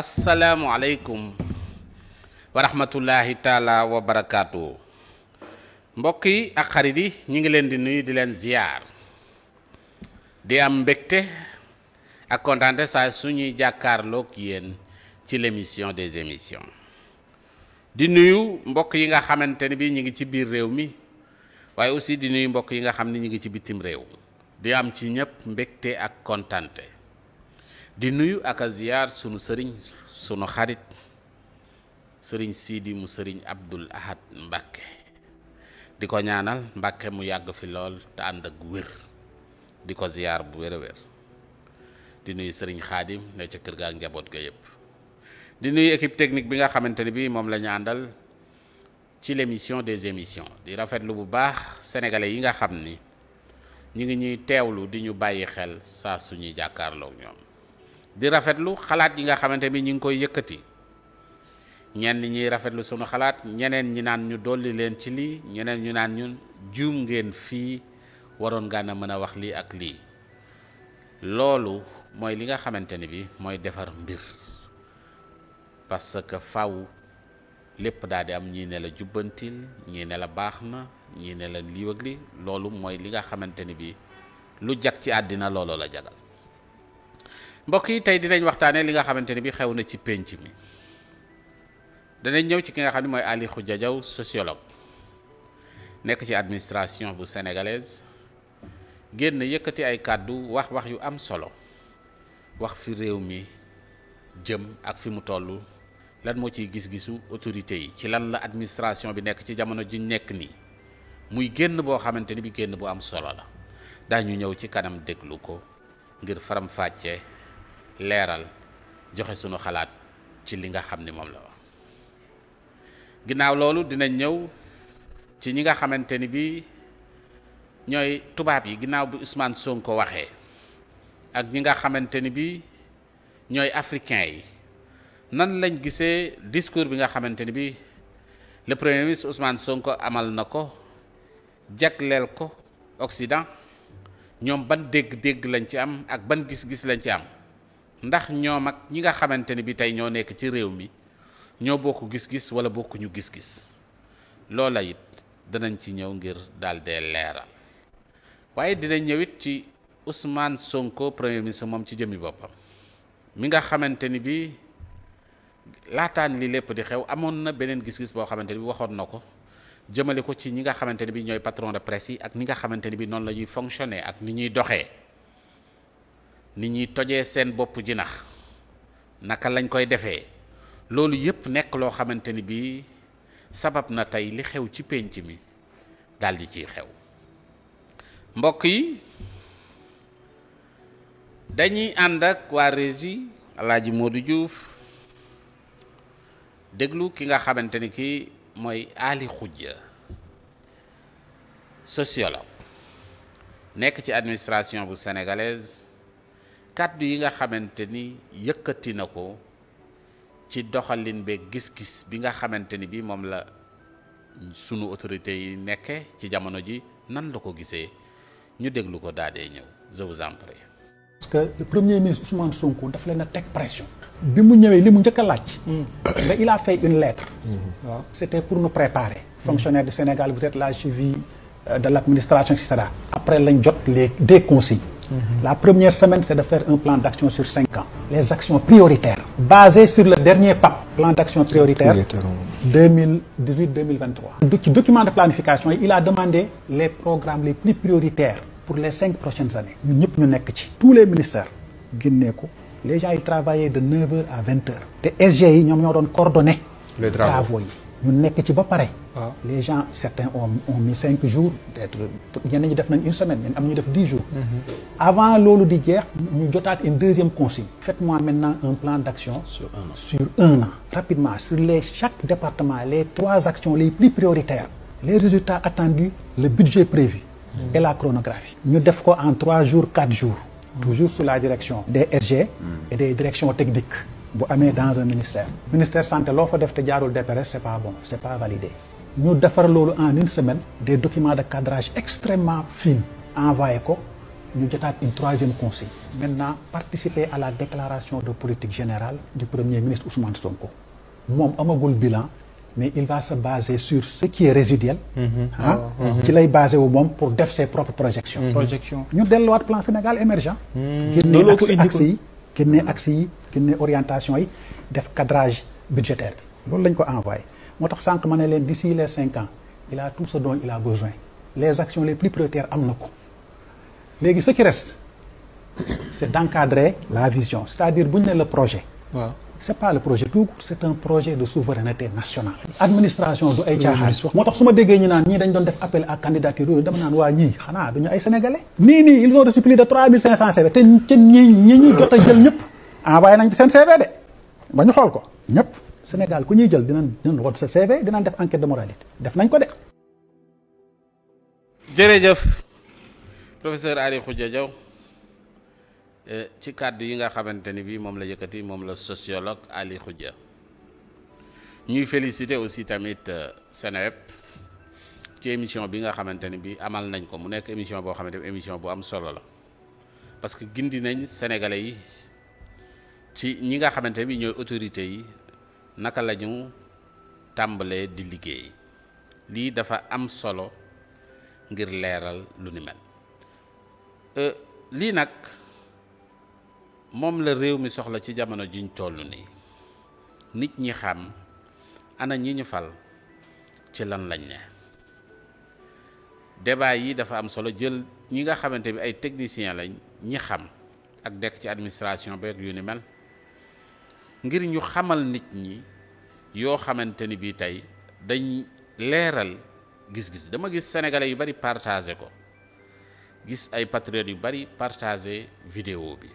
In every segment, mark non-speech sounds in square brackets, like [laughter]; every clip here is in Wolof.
asalaamualeykum wa rahmatullahi taala wa mbokk yi ak xarit yi ñu ngi leen di nuyu di leen ziyaar di am mbégte ak kontaante saa suñuy jàkkaarlook yéen ci l'émission des émissions di nuyu mbokk yi nga xamante ni bi ñu ngi ci biir réew mi waaye aussi di nuyu mbokk yi nga xam ni ñu ngi ci bitim réew di am ci ñëpp mbégte ak kontaante di nuyu ak a ziyaar sunu sëriñ sunu xarit sëriñ Sidi mu sëriñ Abdul Ahad Mbàkke di ko ñaanal Mbàkke mu yàgg fi lool te ànd ak wér di ko ziyaar bu wér wér di nuyu sëriñ Xaadim ne ca kër gaa njaboot ga yëpp di nuyu équipe technique bi nga xamante ni bii moom la àndal ci l'émission des émissions di rafet lu bu baax sénégalais yi nga xam ni ñu ngi ñuy teewlu di ñu bàyyi xel saa suñuy jàkkaarloog ñoom. di rafetlu xalaat yi nga xamante ni ñu ngi koy yëkkati ñenn ñiy rafetlu sunu xalaat ñeneen ñi naan ñu dolli leen ci lii ñeneen ñu naan ñu jum ngeen fii waroon ngaa na mën a wax lii ak lii loolu mooy li nga xamante ni bi mooy defar mbir parce que faw lépp daal am ñii la jubbantil ñii la baax na ñii la lii ak loolu mooy li nga xamante ni bi lu jag ci àddina loolu la jagal mbokk yi tey dinañ waxtaanee li nga xamante ni bi xew na ci pénc mi danañ ñëw ci ki nga xam ne mooy Ali Khoudia Diaw sociologue nekk ci administration bu sénégalaise génn yëkkati ay kàddu wax wax yu am solo wax fi réew mi jëm ak fi mu toll lan moo ciy gis-gisu autorité yi ci lan la administration bi nekk ci jamono ji nekk nii muy génn boo xamante ni bi génn bu am solo la daañu ñëw ci kanam déglu ko ngir faram-fàccee. leeral joxe sunu xalaat ci li nga xam ni moom la wax ginnaaw loolu dina ñëw ci ñi nga xamante ni bi ñooy tubaab yi ginnaaw bi Ousmane ko waxee ak ñi nga xamante ni bi ñooy africain yi nan lañ gisee discours bi nga xamante ni bi le premier ministre Ousmane Sonko amal na ko jagleel ko Occident ñoom ban dégg-dégg lañ ci am ak ban gis-gis lañ ci am ndax ñoom ak ñi nga xamante ni bi tey ñoo nekk ci réew mi ñoo bokk gis-gis wala bokkuñu gis-gis loola it danañ ci ñëw ngir daal dee leeral waaye dinañ ñëw it ci Ousmane Sonko premier ministre moom ci jëmmi boppam mi nga xamante ni bi laataan li lépp di xew amoon na beneen gis-gis boo xamante ni bi waxoon na ko jëmale ko ci ñi nga xamante ni bi ñooy patron de presse yi ak ñi nga xamante ni bi noonu la ñuy fonctionner ak ni ñuy doxee nit ñi toje seen bopp jinax naka lañ koy defee loolu yépp nekk loo xamante ni bii sabab na tey li xew ci pénc mi daldi di ciy xew mbokk yi dañuy ànd ak waa régi alaaji Modou Diouf déglu ki nga xamante ni kii mooy Ali Khoudia sociologue nekk ci administration bu sénégalaise kàddu yi nga xamante ni yëkkati na ko ci doxalin beeg gis-gis bi nga xamante ni bi moom la sunu autorité yi nekke ci jamono ji nan la ko gisee ñu déglu ko daa dee ñëw je vous en parce que le premier ministre Ousmane sunku daf leen a teg pression. bi mu ñëwee li mu njëkk a ci mais mm. il a fait une lettre. Mm-hmm. waaw c' était pour nous préparer. fonctionnaire du Sénégal bu êtes la cheville euh, de l' administration et cetera. après lañ jot les des Mm-hmm. La première semaine, c'est de faire un plan d'action sur 5 ans. Les actions prioritaires, basées sur le dernier PAP, plan d'action prioritaire, 2018-2023. Document de planification, il a demandé les programmes les plus prioritaires pour les 5 prochaines années. Tous les ministères, les gens ils travaillaient de 9h à 20h. Les SGI, ils ont coordonné les travaux. ñu nekk ci ba pare. Ah. les gens certains ont ont cinq jours peut-être ñenn ñi def nañ une semaine ñenn am ñu def dix jours. Mm-hmm. avant loolu di jeex ñu jotaat une deuxième conseil faites-moi maintenant un plan d'action. sur un an un an. rapidement sur les chaque département les trois actions les plus prioritaires. les résultats attendus le budget prévu. Mm-hmm. et la chronographie. ñu def ko en trois jours quatre jours. Mm-hmm. toujours sous la direction des rg et des directions techniques. bu amee dans un ministère ministère santé loo fa def te jaarul DPRS c'est pas bon c'est pas validé ñu defar loolu en une semaine des documents de cadrage extrêmement fins envoyé ko ñu jotaat une troisième consigne maintenant participer à la déclaration de politique générale du premier ministre Ousmane Sonko moom amagul bilan mais il va se baser sur ce qui est résiduel mm-hmm. Ah, ah, mm-hmm. Ah, ci lay basé moom pour def ses propres mm-hmm. projection ñu delluwaat plan Sénégal génne axe yi génne orientation yi def cadrage budgétaire bi loolu lañ ko envoyé moo tax sànq ma ne leen d'ici les cinq ans il a tout ce dont besoin les actions les plus prioritaires am na ko léegi ce qui reste c'est d'encadrer la vision c'est-à-dire bu ñu ne le projet c'est pas le projet tout court c'est un projet de souveraineté nationale administration du ay caaxaan moo tax su ma déggee ñu naan ñii dañ doon def appel à candidature yooyu dama naan waa ñii xanaa duñu ay sénégalais nii nii ils ont reçu plus de 3500 CV te te ñi ñi ñu jël ñëpp envoyé nañ seen CV de ba ñu xool ko ñëpp Sénégal ku ñuy jël dinañ dinañ wot sa CV dinañ def enquête de moralité def nañ ko de jërëjëf professeur Aly Khoudia Diaw ci kàddu yi nga xamante ni bi moom la yëkkati moom la sociologue Ali Khoudia ñuy félicité aussi tamit euh, Seneweb ci émission bi nga xamante ni bi amal nañ ko mu nekk émission boo xamante ni émission bu am solo la parce que gindi nañ sénégalais yi ci ñi nga xamante ni bi ñooy autorité yi naka la ñu tàmbalee di liggéey lii dafa am solo ngir leeral lu ni mel euh, lii nag moom la réew mi soxla ci jamono jiñ toll nii nit ñi xam ana ñi ñu fal ci lan lañ ne débat yi dafa am solo jël ñi nga xamante bi ay technicien lañ ñi xam ak dekk ci administration beeg yu ni mel ngir ñu xamal nit ñi yoo xamante ni bii tey dañ leeral gis-gis dama gis sénégalais yu bari partagé ko gis ay patriotes yu bari partagé vidéo bi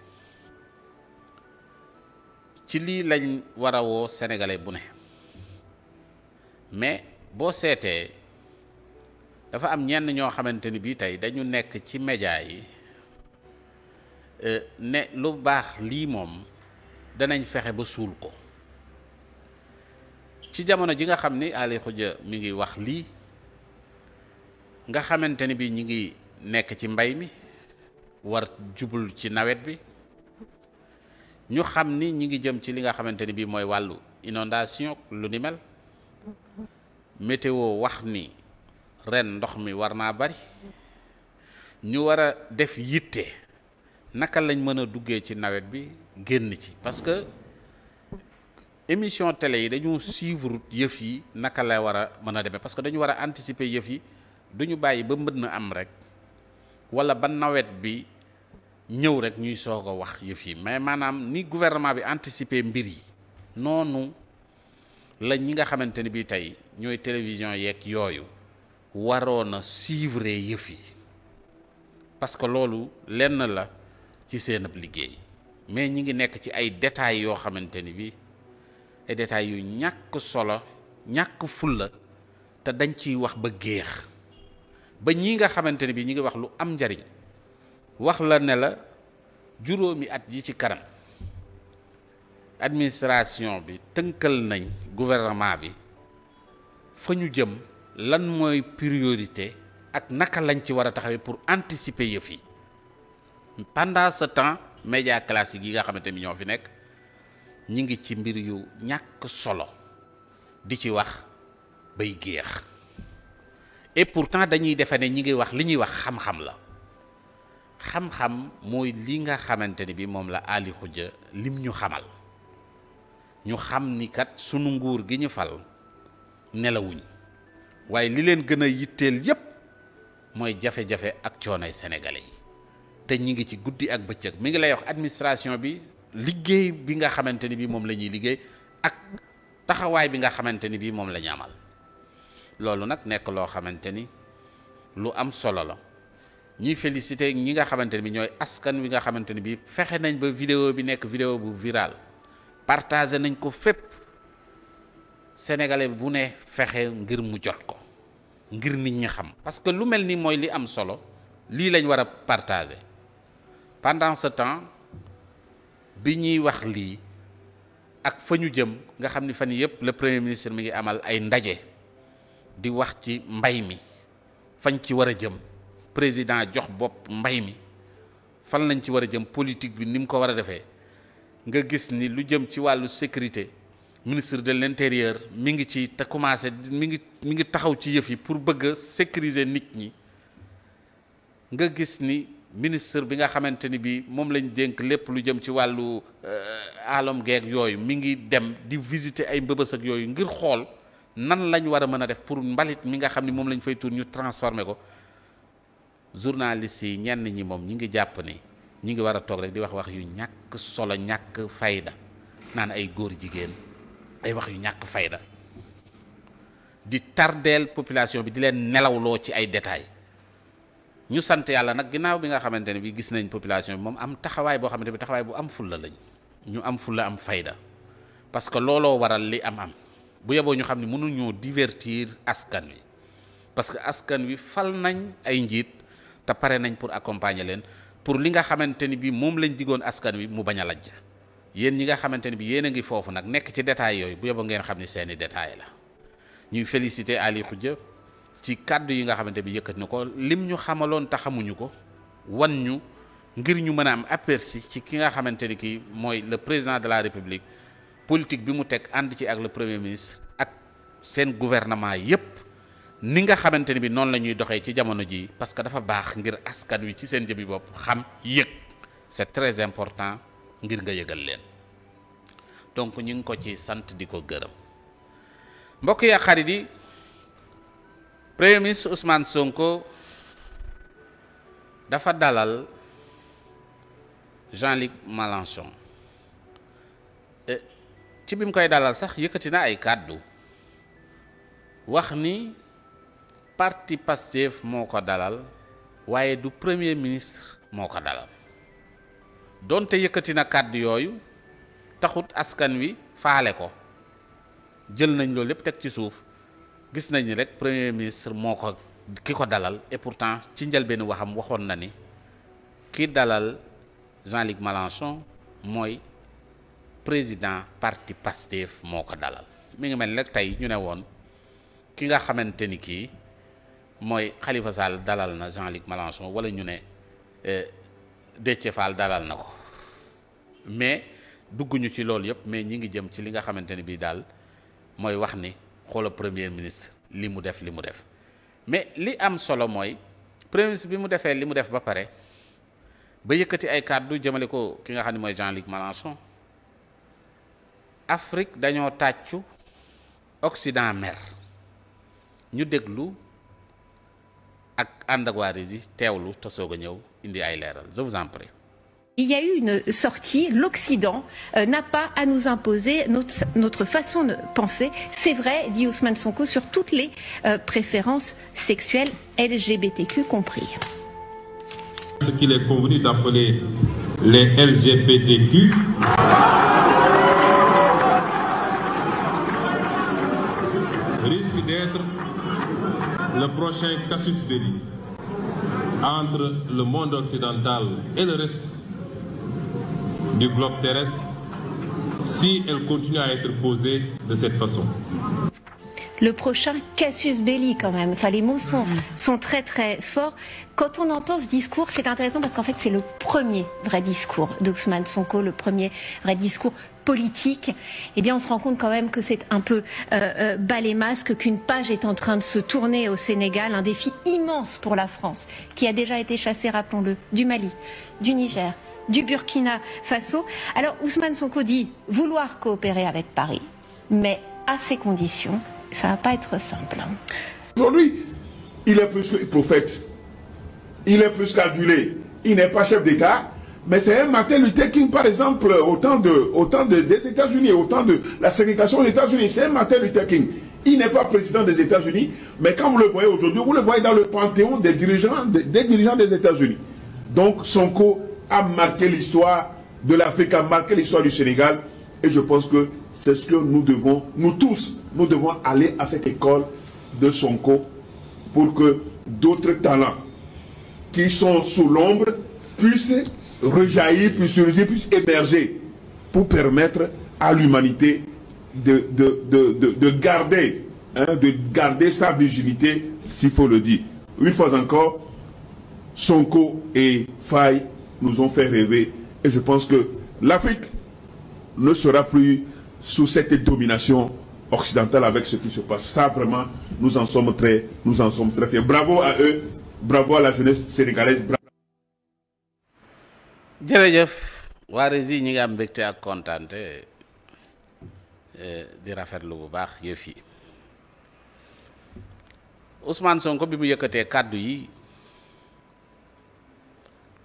ci lii lañ war a woo bu ne mais boo seetee dafa am ñenn ñoo xamante ni bii tey dañu nekk ci média yi euh, ne lu baax lii moom danañ fexe ba suul ko ci jamono ji nga xam ni Ali Khoudia mi ngi wax lii nga xamante ni bii ñi ngi nekk ci mbay mi war jubul ci nawet bi ñu xam ni ñi ngi jëm ci li nga xamante ni bii mooy wàllu inondation lu ni mel météo wax ni ren ndox mi war naa bari ñu war a def yitte naka lañ mën a duggee ci nawet bi génn ci parce que émission télé yi dañu suivre yëf yi naka la war a mën a demee parce que dañu war a anticiper yëf yi du ñu bàyyi ba mbënn am rek walla ba nawet bi. ñëw rek ñuy soog a wax yëf yi mais maanaam ni gouvernement bi anticiper mbir yi noonu la ñi nga xamante ni bii tey ñooy télévision yeeg yooyu waroon a suivre yëf yi parce que loolu lenn la ci seen ab liggéey mais ñi ngi nekk ci ay détails yoo xamante ni bii ay détails yu ñàkk solo ñàkk fulla te dañ ciy wax ba géex ba ñi nga xamante ni bii ñi ngi wax lu am njariñ wax la ne la juróomi at yi ci kanam administration bi tënkal nañ gouvernement bi fa ñu jëm lan mooy priorité ak naka lañ ci war a taxawee pour anticiper yëf yi pendant ce temps média classique yi nga xamante ni ñoo fi nekk ñi ngi ci mbir yu ñàkk solo di ci wax bay géex et pourtant dañuy defe ne ñi ngi wax li ñuy wax xam-xam la xam-xam mooy li nga xamante ni bi moom la Ali lim ñu xamal ñu xam ni kat sunu nguur gi ñu fal nelawuñ waaye li leen gën a yitteel yépp mooy jafe-jafe ak coonoy sénégalais yi te ñi ngi ci guddi ak bëccëg mi ngi lay wax administration bi liggéey bi nga xamante ni bi moom la ñuy liggéey ak taxawaay bi nga xamante ni bi moom la amal loolu nag nekk loo xamante ni lu am solo la ñuy félicité ñi nga xamante ne bi ñooy askan wi nga xamante ne bi fexe nañ ba vidéo bi nekk vidéo bu viral partagé nañ ko fépp sénégalais bu ne fexe ngir mu jot ko ngir nit ñi xam parce que lu mel ni mooy li am solo lii lañ war a partagé pendant ce temps bi ñuy wax lii ak fa ñu jëm nga xam ni fan yëpp le premier ministre mi ngi amal ay ndaje di wax ci mbay mi fañ ci war a jëm président jox bopp mbay mi fan lañ ci war a jëm politique bi ni mu ko war a defee nga gis ni lu jëm ci wàllu sécurité ministre de l'intérieur mi ngi ci te commencé mi ngi mi ngi taxaw ci yëf yi pour bëgg a sécuriser nit ñi nga gis ni ministre bi nga xamante ni bi moom lañ dénk lépp lu jëm ci wàllu euh, alom geeg yooyu mi ngi dem di visité ay mbëbës yooyu ngir xool nan lañ war a mën a def pour mbalit mi nga xam ni moom lañ fay tuur ñu transformer ko journaliste yi ñenn ñi moom ñi ngi jàpp ni ñi ngi war a toog rek di wax wax yu ñàkk solo ñàkk fayda naan ay góor jigéen ay wax yu ñàkk fayda di tardeel population bi di leen nelaw loo ci ay détails ñu sant yàlla nag ginnaaw bi nga xamante ne bi gis nañ population bi moom am taxawaay boo xamante bi taxawaay bu am fulla lañ ñu am fulla am fayda parce que looloo waral li am am bu yeboo ñu xam ne mënuñoo divertir askan wi parce askan wi fal nañ ay njiit te pare nañ pour accompagner leen pour li nga xamante ni bi moom lañ digoon askan wi mu bañ a lajj yéen ñi nga xamante ni bi yéen a ngi foofu nag nekk ci détails yooyu bu yóbbu ngeen xam ni seeni détails la ñuy féliciter Ali Khoudia ci kàddu yi nga xamante bi yëkkat na ko lim ñu xamaloon taxamuñu ko wan ñu ngir ñu mën a am aperçu ci ki nga xamante ni kii mooy le président de la république politique bi mu teg ànd ci ak le premier ministre ak seen gouvernement yépp ni nga xamante ni bi noonu la ñuy doxee ci jamono ji parce que dafa baax ngir askan wi ci seen jëmmi bopp xam yëg c'est très important ngir nga yëgal leen donc ñu ngi ko ci sant di ko gërëm mbokk ya xarit yi premier ministre Ousmane Sonko dafa dalal Jean-Luc Mélenchon ci bi mu koy dalal sax yëkkati na ay kàddu wax ni parti Pastef moo ko dalal waaye du premier ministre moo ko dalal donte yëkkati na kàddu yooyu taxut askan wi faale ko jël nañ loolu yépp teg ci suuf gis nañ rek premier ministre moo ko ki ko dalal et pourtant ci njëlbeenu waxam waxoon na ni ki dalal Jean-Luc Mélenchon mooy président parti Pastef moo ko dalal mi ngi mel ni tey ñu ne woon ki nga xamante ni kii. mooy Khalifa Sall dalal na Jean-Luc Mélenchon wala ñu ne euh, Déthié Fall dalal na ko mais dugguñu ci loolu yëpp mais ñi ngi jëm ci li nga xamante ni bii daal mooy wax ni xoola premier ministre li mu def li mu def mais li am solo mooy premier ministre bi mu defee li mu def ba pare ba yëkkati ay kàddu jëmale ko ki nga xam ne mooy Jean-Luc Mélenchon Afrique dañoo tàccu Occident mer ñu déglu. ak ànd ak waa Rési teewlu te soog a ñëw indi ay leeral je vous en prie. Il y a eu une sortie, l'Occident euh, n'a pas à nous imposer notre, façon de penser. C'est vrai, dit Ousmane Sonko, sur toutes les euh, préférences sexuelles LGBTQ compris. Ce qu'il est convenu d'appeler les LGBTQ. le prochain casus belli entre le monde occidental et le reste du globe terrestre si elle continue à être posée de cette façon. le prochain Cassius Belli quand même. Enfin, les mots sont, mmh. sont très très forts. Quand on entend ce discours, c'est intéressant parce qu'en fait, c'est le premier vrai discours d'Ousmane Sonko, le premier vrai discours politique. Eh bien, on se rend compte quand même que c'est un peu euh, euh bas les qu'une page est en train de se tourner au Sénégal, un défi immense pour la France, qui a déjà été chassée, rappelons-le, du Mali, du Niger, du Burkina Faso. Alors, Ousmane Sonko ça va pas être simple. Aujourd'hui, il est plus que prophète. Il est plus qu'adulé. Il n'est pas chef d'État. Mais c'est un Martin Luther King, par exemple, au temps, de, au temps de, des États-Unis, au temps de la ségrégation des États-Unis. C'est un Martin Luther King. Il n'est pas président des États-Unis, mais quand vous le voyez aujourd'hui, vous le voyez dans le panthéon des dirigeants des, des dirigeants des États-Unis. Donc Sonko a marqué l'histoire de l'Afrique, a marqué l'histoire du Sénégal, et je pense que C'est ce que nous devons, nous tous, nous devons aller à cette école de Sonko pour que d'autres talents qui sont sous l'ombre puissent rejaillir, puissent surgir, puissent émerger pour permettre à l'humanité de, de, de, de, garder, hein, de garder sa vigilité, s'il faut le dire. Une fois encore, Sonko et Faye nous ont fait rêver et je pense que l'Afrique ne sera plus sous cette domination occidentale avec ce qui se passe. Ça, vraiment, nous en sommes très, nous en sommes très fiers. Bravo à eux, bravo à la jeunesse sénégalaise. jërëjëf waa Rési ñi ngi am mbégte ak kontaante eh, di rafetlu bu baax yëf yi Ousmane Sonko bi mu yëkkatee kàddu yi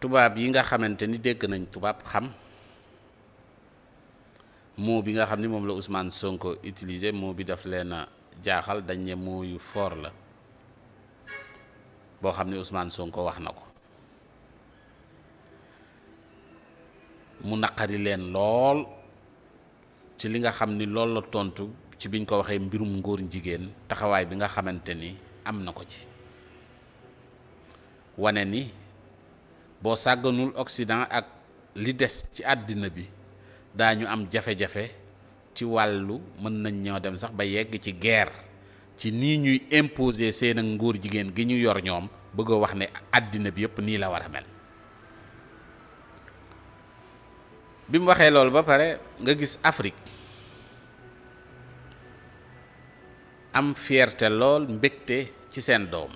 tubaab yi nga xamante ni dégg nañ tubaab xam. mot bi nga xam ni moom la Ousmane Sonko utilisé moo bi daf leen a jaaxal dañ ne mot yu fort la boo xam ni Ousmane Sonko wax na ko mu naqari leen lool ci li nga xam ni loolu la tontu ci biñ ko waxee mbirum ngóor jigéen taxawaay bi nga xamante ni am na ko ci wane ni boo sàgganul Occident ak li des ci àddina bi daañu am jafe-jafe ci wàllu mën nañ ñoo dem sax ba yegg ci guerre ci nii ñuy impose seen ak ngóor jigéen gi ñu yor ñoom bëgg wax ne àddina bi yëpp nii la war a mel waxee lool ba pare nga gis Afrique am fierté lool mbégte ci seen doom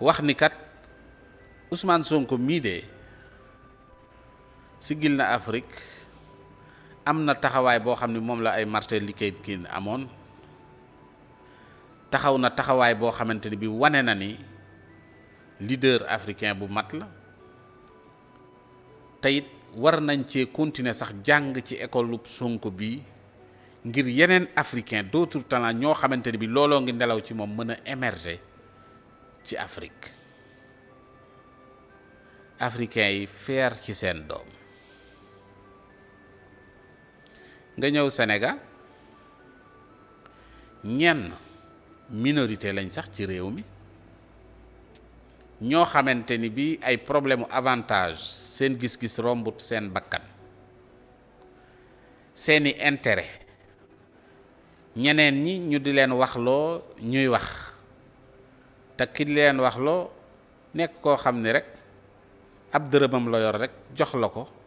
wax ni kat Ousmane Sonko mii de. siggil na Afrique am na taxawaay boo xam ne moom la ay Martin Luther King amoon taxaw na taxawaay boo xamante ni bi wane na ni leader africain bu mat la te war nañ cee continuer sax jàng ci école Sonko bi ngir yeneen africain d'autres talent ñoo xamante ni bi looloo ngi nelaw ci moom mën a émerger ci Afrique africain yi feer ci seen doom nga ñëw senegal ñenn minorité lañ sax ci réew mi ñoo xamante ni bi ay problème u avantage seen gis-gis rombut seen bakkan seeni intérêt ñeneen ñi ñu di leen waxloo ñuy wax te ki di leen waxloo nekk koo xam ni rek ab dërëmam la yor rek jox la ko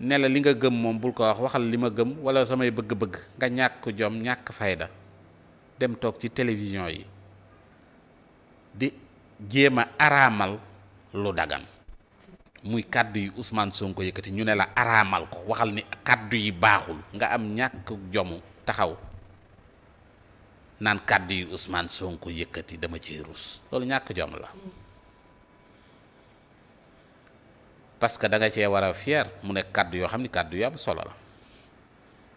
ne la li nga gëm moom bul ko wax waxal li ma gëm wala samay bëgg-bëgg nga ñàkk jom ñàkk fayda dem toog ci télévision yi di jéem a araamal lu dagan muy kàddu yi Ousmane Sonko yëkkati ñu ne la araamal ko waxal ni kàddu yi baaxul nga am ñàkk jomu taxaw naan kàddu yi Ousmane Sonko yëkkati dama ci ruus loolu ñàkk jom la parce que da nga cee war a fier mu nekk kàddu yoo xam ni kàddu yu am solo la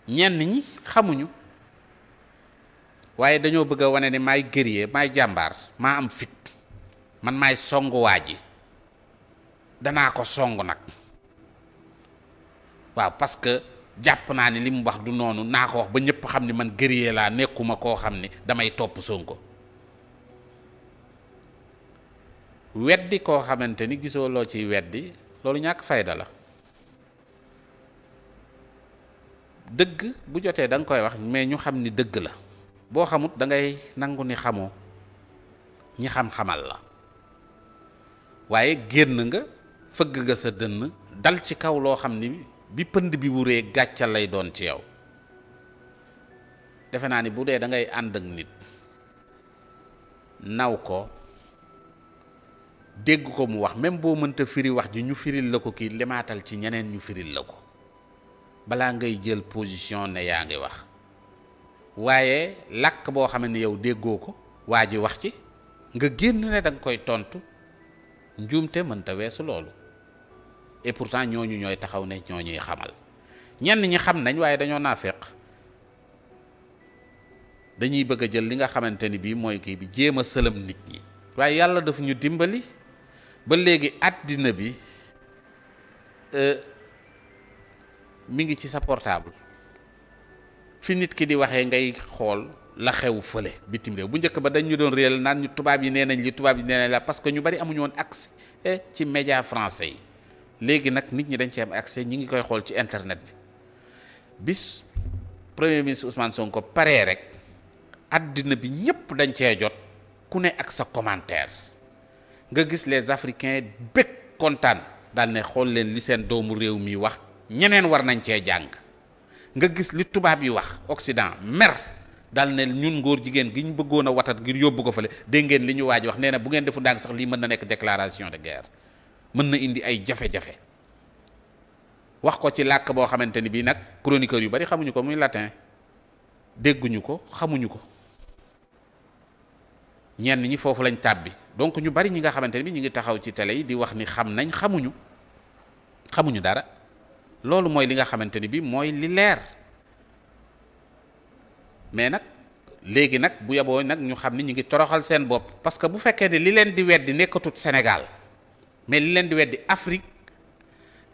ñenn ñi xamuñu waaye dañoo bëgg a wane ni maay guerrier may jàmbaar maa am fit man maay songu waa ji danaa ko song nag waaw parce que jàpp naa ni li mu wax du noonu naa ko wax ba ñëpp xam ni man guerrier laa nekkuma koo xam ni damay topp Sonko weddi koo xamante ni gisoo loo ciy weddi loolu ñàkk fayda la dëgg bu jotee danga koy wax mais ñu xam ni dëgg la boo xamut dangay nangu ni xamoo ñi xam-xamal la waaye génn nga fëgg nga sa dënn dal ci kaw loo xam ni bi pënd bi wu wuree gàccal lay doon ci yow defe naa ni bu dee dangay ngay ànd ak nit naw ko dégg ko mu wax même boo mënta firi wax ji ñu firil la ko kii limaatal ci ñeneen ñu firil la ko balaa ngay jël position ne yaa ngi wax waaye làkk boo xam yow déggoo ko waa ji wax ci nga génn ne danga koy tontu njuumte mënta weesu loolu et pourtant ñooñu ñooy taxaw ne ñoo ñuy xamal ñenn ñi xam nañ waaye dañoo naa naafeq dañuy bëgg a jël li nga xamante ni bii mooy kii bi jéem a sëlëm nit ñi waaye yàlla daf ñu dimbali. ba léegi àddina bi euh, mu ngi ci sa portable fi nit ki di waxee ngay xool la xew fële bitim réew bu njëkk ba dañ ñu doon réel naan ñu tubaab yi nee nañ li tubaab yi nee la parce que ñu bari amuñoon woon accès eh, ci média français yi léegi nag nit ñi dañ ci am accès ñi ngi koy xool ci internet bi bis premier ministre Ousmane Sonko paree rek àddina bi ñëpp dañ cee jot ku ne ak sa commentaire. nga gis les africains bëgg kontaan daal ne xool leen li seen doomu réew mii wax ñeneen war nañ cee jàng nga gis li tubaab yi wax Occident mer daal ne ñun ngóor jigéen gi ñu bëggoon a watat ngir yóbbu ko fale dégg ngeen li ñu waaj wax nee na bu ngeen defu ndànk sax lii mën na nekk déclaration de guerre mën na indi ay jafe-jafe wax ko ci làkk boo xamante ni bii nag chroniqueur yu bari xamuñu ko muy latin dégguñu ko xamuñu ko ñenn ñi foofu lañ tàbbi donc ñu bari ñi nga xamante ne bi ñu ngi taxaw ci télé yi di wax ni xam nañ xamuñu xamuñu dara loolu mooy li nga xamante ni bi mooy li leer mais nag léegi nag bu yeboo nag ñu xam ni ñu ngi toroxal seen bopp parce que bu fekkee ne li leen di weddi nekkatut Sénégal mais li leen di weddi Afrique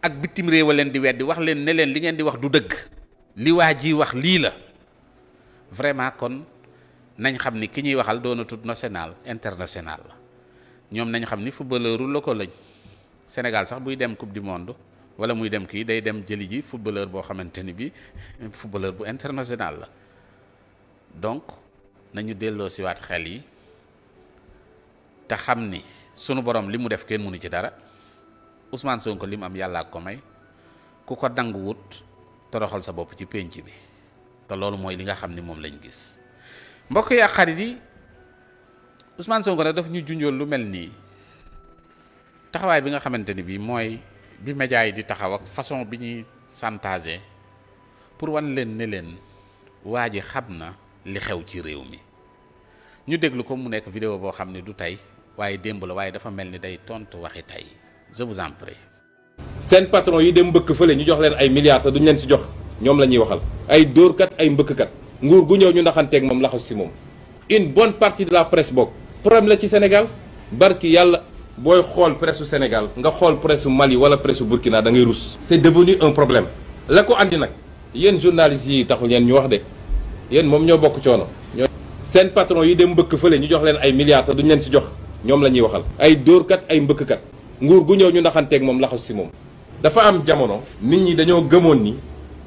ak bitim réew a leen di weddi wax leen ne leen li ngeen di wax du dëgg li waa ji wax lii la vraiment kon nañ xam ni ki ñuy waxal doonatut national international la ñoom nañ xam ni footballeuru ko lañ Sénégal sax buy dem coupe du monde wala muy dem kii day dem jëli ji footballeur boo xamante ni bi [laughs] footballeur bu international la donc nañu delloo siwaat xel yi te xam ni sunu borom li mu def kenn mënu ci dara Ousmane Sonko li mu am yàllaa ko may ku ko dangu wut toroxal sa bopp ci pénc bi te loolu mooy li nga xam ni moom lañu gis mbokk yi xarit yi Ousmane Sonko nag dafa ñu junjoon lu mel nii taxawaay bi nga xamante ni bii mooy bi média yi di taxaw ak façon bi ñuy chantage pour wan leen ne leen waa ji xam na li xew ci réew mi ñu déglu ko mu nekk vidéo boo xam ne du tey waaye démb la waaye dafa mel ni day tontu waxi tey je vous en prie. seen patron yi dem mbëkk fële ñu jox leen ay milliards te duñ leen si jox ñoom la ñuy waxal ay dóorkat ay mbëkkkat nguur gu ñëw ñu naxanteeg moom laxas si moom une bonne partie de la presse bokk. problème la ci Sénégal barki yàlla booy xool presse Sénégal nga xool presse Mali wala presse Burkina da ngay rus. c'est devenu un problème la ko andi nag yéen journalistes yi taxul yéen ñu wax de yéen moom ñoo bokk coono. ñoo seen patron yi dem mbëkk fële ñu jox leen ay milliards te duñ leen ci jox ñoom la ñuy waxal. ay dóorkat ay mbëkkkat nguur gu ñëw ñu naxanteeg moom laxas si moom. dafa am jamono. nit ñi dañoo gëmoon ni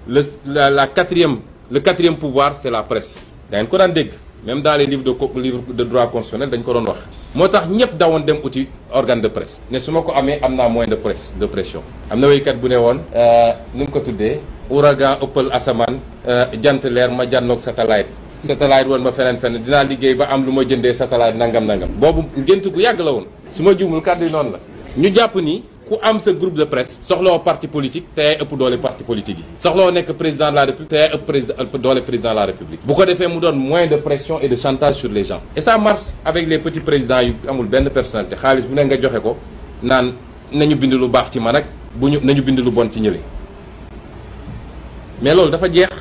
le la la quatrième le quatrième pouvoir c'est la presse. da ko daan dégg. même dans les livres de livre de droit constitutionnel dañ ko doon wax moo tax ñëpp daawoon dem uti organe de presse ne su ma ko amee am naa moyen de presse de pression am na waykat bu ne woon euh, nu mu ko tuddee ouragan ëppal asamaan euh, jant leer ma jànnoog satellite satellite woon ma feneen feneen dinaa liggéey ba am lu ma jëndee satellite nangam nangam boobu ngént gu yàgg la woon su ma juumul kàddu yi noonu la ñu jàpp ni ku am sa groupe de presse soxloo parti politique te yaay ëpp doole parti politique yi soxloo nekk président de la république te yaay ëpp président doole président la république bu ko defee mu doon moyen de pression et de chantage sur les gens et ça marche avec les petits présidents yu amul benn personnalité xaalis bu ne nga joxe ko naan na ñu bind lu baax ci man ak bu ñu nañu bind lu bon ci ñële mais loolu dafa jeex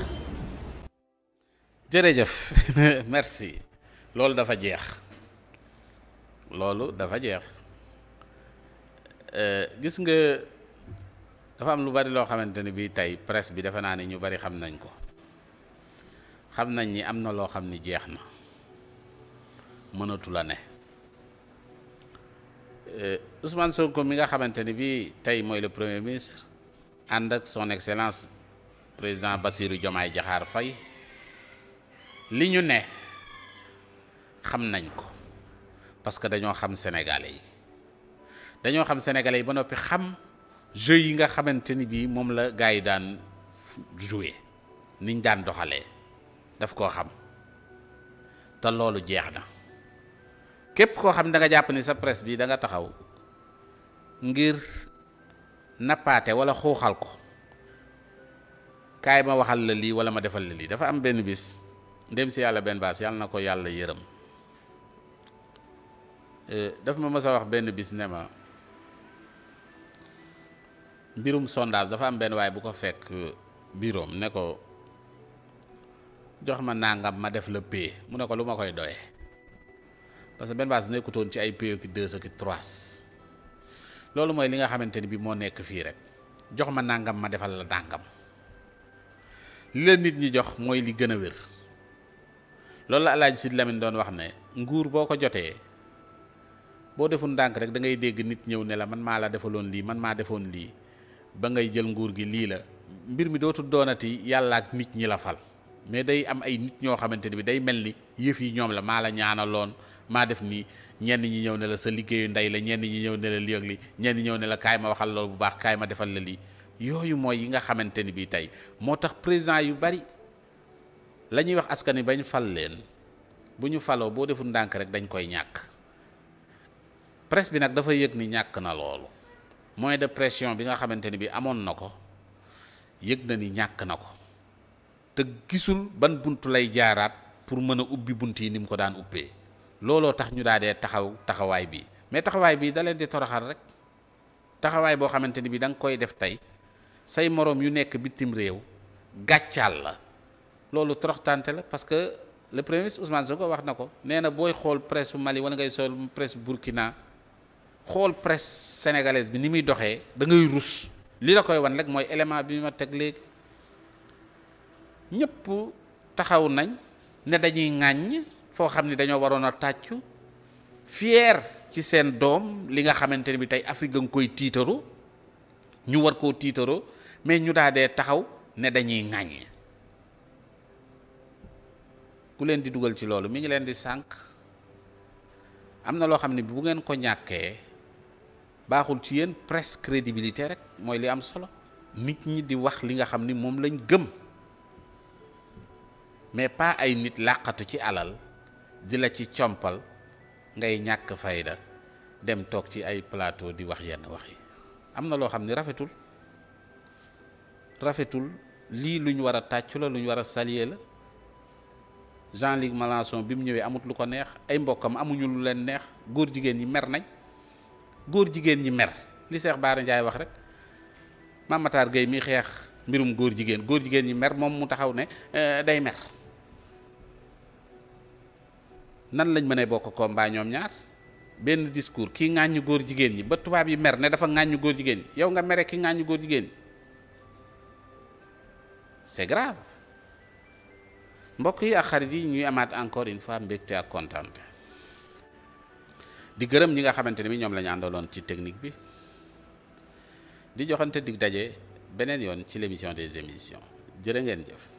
jërëjëf [laughs] merci loolu dafa jeex loolu dafa jeex Euh, gis nga dafa am lu bari loo xamante ni bii tey presse bi defe naa ne ñu bari xam nañ ko xam nañ ni am na loo xam ni jeex na mënatu la ne euh, Ousmane Sonko mi nga xamante ni bii tey mooy le premier ministre ànd ak son excellence président Bassirou Diomaye jaxaar Faye li ñu ne xam nañ ko parce que dañoo xam sénégalais yi. dañoo xam sénégalais yi ba noppi xam jeu yi nga xamante ni bii moom la gars yi daan jouer niñ daan doxalee daf koo xam te loolu jeex na képp koo xam da danga jàpp ni sa presse bi danga taxaw ngir nappaate wala xuuxal ko kaay ma waxal la lii wala ma defal la lii dafa am benn bis ndem si yàlla benn baas yàlla na ko yàlla yërëm euh, daf ma mës a wax benn bis ne ma. mbirum sondage dafa am benn waaye bu ko fekk bureau ne ko jox ma nangam ma def la paie mu ne ko lu ma koy doyee parce que benn baas nekkutoon ci ay paie ki deux ak trois loolu mooy li nga xamante ni bi moo nekk fii rek jox ma nàngam ma defal la dàngam li la nit ñi jox mooy li gën a wér loolu la Alaaji Sidi Lamine doon wax ne nguur boo ko jotee boo deful ndànk rek da ngay dégg nit ñëw ne la man maa la defaloon lii man maa defoon lii ba ngay jël nguur gi lii la mbir mi dootul doonati yàlla ak nit ñi la fal mais day am ay nit ñoo xamante ni bi day mel ni yëf yi ñoom la maa la ñaanaloon maa def nii ñenn ñi ñëw ne la sa liggéeyu ndey la ñenn ñi ñëw ne la lii ak lii ñenn ñëw ne la kaay ma waxal loolu bu baax kaay ma defal la lii yooyu mooy yi nga xamante ni bii tey moo tax président yu bari lañuy wax askan wi bañ fal leen bu ñu faloo boo deful ndànk rek dañ koy ñàkk presse bi nag dafa yëg ni ñàkk na loolu moyen de pression bi nga xamante ni bi amoon na ko yëg na ni ñàkk na ko te gisul ban bunt lay jaaraat pour mën a ubbi bunt yi ni mu ko daan ubbee looloo tax ñu daa dee taxaw taxawaay bi mais taxawaay bi da leen di rek taxawaay boo xamante ni bi da nga koy def tey say moroom yu nekk bitim réew gàccaal la loolu toroxtante la parce que le premier ministre Ousmane Sonko wax na ko nee na booy xool presse Mali wala ngay sol presse Burkina xool presse sénégalaise bi ni muy doxee dangay ngay rus li la koy wan rek mooy élément bi ma teg léegi ñëpp taxaw nañ ne dañuy ŋàññ foo xam ni dañoo waroon a tàccu fier ci seen doom li nga xamante ni bi tey Afrique nga koy tiitaru ñu war koo tiitaru mais ñu daa dee taxaw ne dañuy ŋàññ ku leen di dugal ci loolu mi ngi leen di sànq am na loo xam ne bu ngeen ko ñàkkee baaxul ci yéen presque crédibilité rek mooy li am solo nit ñi di wax li nga xam ni moom lañ gëm mais pas ay nit làqatu ci alal di la ci compal ngay ñàkk fayda dem toog ci ay plateau di wax yenn wax yi am na loo xam ni rafetul rafetul lii lu ñu war a tàccu la lu ñu war a saluer la Jean-Luc Mélenchon bi mu ñëwee amut lu ko neex ay mbokkam amuñu lu leen neex góor jigéen ñi mer nañ góor jigéen ñi mer li Cheikh Bara Ndiaye wax rek Mame Matar mi xeex mbirum góor jigéen góor jigéen ñi mer moom mu taxaw ne euh, day mer nan lañ mënee bokk combat ñoom ñaar benn discours kii ŋàññu góor jigéen ñi ba tubaab yi mer ne dafa ŋàññu góor jigéen ñi yow nga mere ki ŋàññu góor jigéen ñi c'est grave mbokk yi ak xarit yi ñuy amaat encore une fois mbégte ak kontaan di gërëm ñi nga xamante ne bi ñoom lañu ñu àndaloon ci technique bi di joxante dig daje beneen yoon ci l'émission des émissions jërë ngeen jëf